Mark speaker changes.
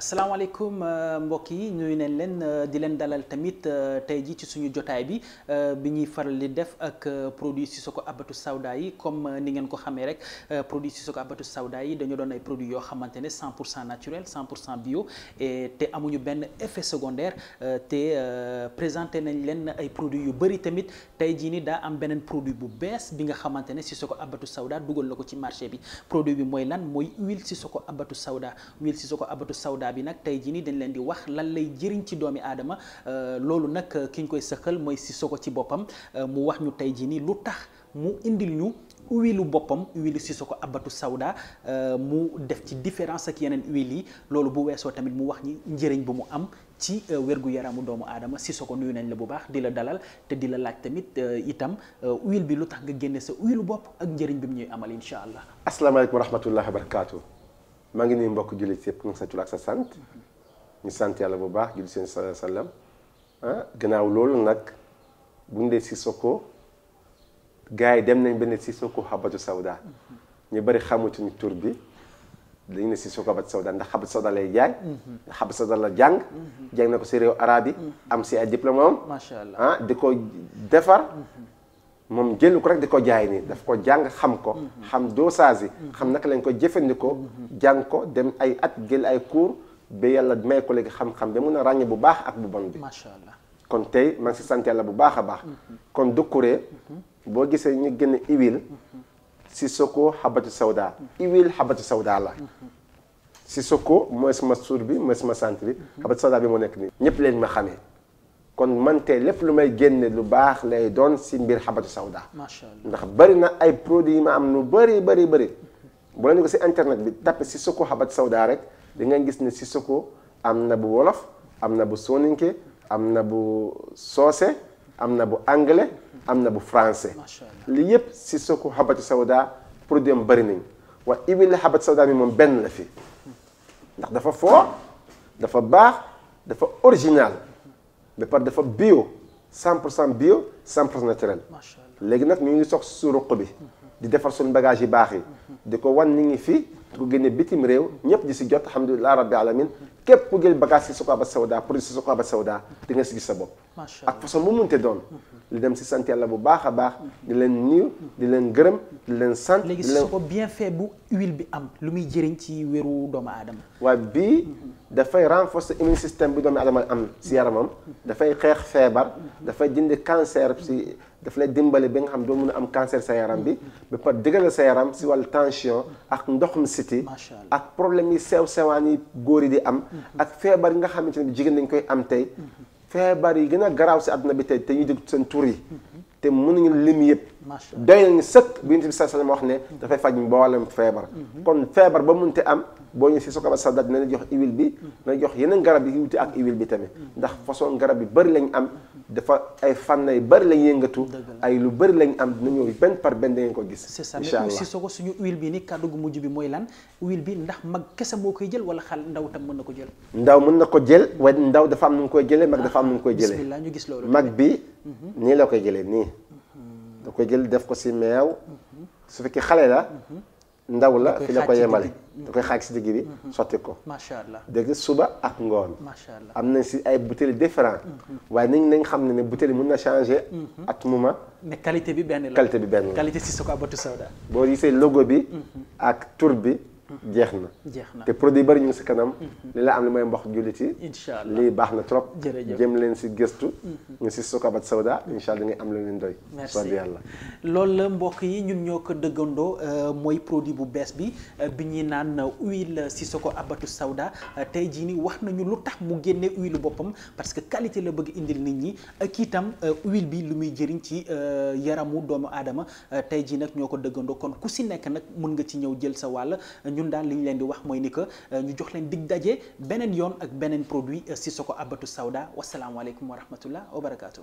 Speaker 1: asalaamaaleykum euh, mbokk yi nuyu nañ leen euh, di leen dalal tamit euh, tey jii ci suñu jotaay bi bi ñuy faral di def ak produit Sissoko abatu Sauda yi comme ni ngeen ko xamee rek produit Sissoko Habbatu Sauda yi dañoo doon ay produits yoo xamante ne 100 pour cent naturel 100 pour cent bio et te amuñu benn effet secondaire te présenté nañ leen ay produits yu bëri tamit tey jii ni daa am beneen produit bu bees bi nga xamante ne Sissoko Habbatu Sauda dugal na ko ci marché bi produit bi mooy lan mooy huile Sissoko Habbatu Sauda huile Sissoko Habbatu sawda état bi nag tey jii nii dañ leen di wax lan lay jëriñ ci doomi aadama euh, loolu nag euh, ki ñu koy sëqal mooy si Sissoko ci boppam euh, mu wax ñu tey jii nii lu tax mu indil ñu huile boppam si huile Sissoko Habbatu Sauda mu def ci différence ak yeneen huile yi loolu bu weesoo tamit mu wax ñi njëriñ bu mu am ci wérgu yaramu doomu aadama Sissoko nuyu nañ la bu baax di la dalal te di la laaj tamit itam huile bi lu tax nga génne sa huile bopp ak njëriñ bi mu ñuy amal incha allah.
Speaker 2: asalaamaaleykum wa rahmatulah wa barakaatu. maa ngi nuyu mbokk jullit yëpp ñu sa tur sa sant ñu sant yàlla bu baax jullit seen salaam ah gannaaw loolu nag bu ñu dee Sissoko gars yi dem nañ benn Sissoko Habbatu sawda ñu bari xamatuñu tur bi dañu ne Sissoko Habbatu Sauda ndax Habbatu Sauda lay jaay. ndax Habbatu Sauda la jàng. Mhm. jàng na ko si réew arab yi. Mhm. am si ay diplôme
Speaker 1: macha allah ah, di
Speaker 2: ko defar. moom jël ko rek di ko jaay nii daf ko jàng xam ko mhm. xam dosage yi mhm. xam naka lañ ko jëfandikoo mhm. jàng ko dem ay at jël ay cours ba yàlla may ko léegi xam-xam ba mun a ràññee bu baax ak bu bon bi macha allah kon tey maa ngi si sant yàlla bu baax a baax kon du kuré boo gisee ñu gën a huile Sissoko xabatu sawda huile xabatu sawda la si Sissoko mooy sama suur bi mooy suma sant bi xabatu sawda bi mu nekk nii ñëpp leen ma xamee kon man tey lépp lu may génne lu baax lay doon si mbir xabatu sawda macha allah ndax bëri na ay produits yi ma am lu bëri bëri bëri bu la si internet bi tapé si Sissoko xabatu sawda rek di nga gis ne Sissoko am na bu wolof am na bu soninke am na bu soose am na bu anglais am na bu français li yëpp Sissoko xabatu sawda produit am bëri nañ waa huile xabatu sawda bi moom benn la fi ndax dafa fort dafa baax dafa original ba pare dafa bio 100% bio 100% naturel. macha allah léegi nag ñu ngi sox su ruq bi. di defar suñu bagage yi baax yi. di ko wan ni ngi fii di ko génne bitim réew ñëpp di si jot alhamdulilah rabbi alamin képp ku jël bagage si a Sawda produit si Sokhaba Sawda di nga si gis sa bopp ak façon bu munte doon li mhm. dem si sant yàlla bu baax a baax di leen nuyu di leen gërëm di leen sant léegi su ko
Speaker 1: bien fait bu huile bi am lu muy jëriñ ci wéru doomu aadama
Speaker 2: waaye bii mhm. dafay renforce immune système bi doomu aadama am si yaramam mhm. dafay xeex feebar dafay dindi cancer si daf lay dimbale ba nga xam doo mun am cancer sa yaram bi ba pare dëgëral sa yaram si wàllu tension ak ndoxum siti ak problème yi sew sewaan yi góor yi di am ak feebar yi nga xamante ne bi jigéen dañ koy am tey feebar yi gën a garaaw si àdduna bi tey te ñu dégg seen tur yi te mënuñu lim yëpp doy nañu sëkk bi Yonent sa sallallahu alayhi wasallam wax ne dafay faj mboolem feebar mhm. kon feebar ba te am boo ñu ko si sukaba sadat na jox huile bi na jox yeneen garab yi wuti ak huile bi tamit mhm. ndax façon garab yu bëri lañ am dafa ay fànn yu bëri lañ yëngatu ay lu bëri lañ am na ñëw benn par benn ko gis c'est ça mais soo
Speaker 1: ko suñu huile bi ni kàddu gu mujj bi mooy lan huile bi ndax mag kese boo koy jël wala xal ndaw tam mën na ko jël
Speaker 2: ndaw mën na ko jël waaye ndaw dafa am nu ngi koy jëlee mag dafa am nu ngi koy jëlee bismillah
Speaker 1: ñu gis loolu mag bi mhm.
Speaker 2: nii la koy jëlee nii da koy jël def ko si meew su fekkee xale la ndaw la fi la ko yemale da koy xaaj si digg bi mhm. sotti ko
Speaker 1: macha allah dégg
Speaker 2: suba ak ngoon
Speaker 1: macha allah am
Speaker 2: na si ay bouteilles différents mhm. waaye nañ nañ xam ne ne bouteilles mun na changer at mu ma
Speaker 1: qualité bi benn la qualité bi benn la qualité Sissoko Habbatu Sauda
Speaker 2: boo gisee logo bi mhm. ak tur bi jeex na jeex na te produit bari ñu ngi si kanam. Mhm. li la am li mooy mboq jullit yi. incha allah lii baax na trop. jërëjëf jëm leen si gëstu. Mhm. ñu si Sokabat Sawda incha am lu leen doy. merci soo yàlla.
Speaker 1: loolu la mbokk yi ñun ñoo ko dëggandoo euh, mooy bu bees bi euh, bi ñuy naan huile Sissoko Habbatu Sauda euh, tey jii nii wax nañu lu tax mu génne huile boppam parce que qualité la bëgg indil nit ñi ak itam huile bi lu muy jëriñ ci yaramu doomu aadama tey jii nag ñoo ko dëggandoo kon ku si nekk nag mun nga ci ñëw jël sa wàll. ñun daal li ñu leen di wax mooy ni que euh, ñu jox leen dig daje beneen yoon ak beneen produit euh, si Sissoko Habbatu Sauda wasalaamualeykum wa rahmatullah wa barakaatu.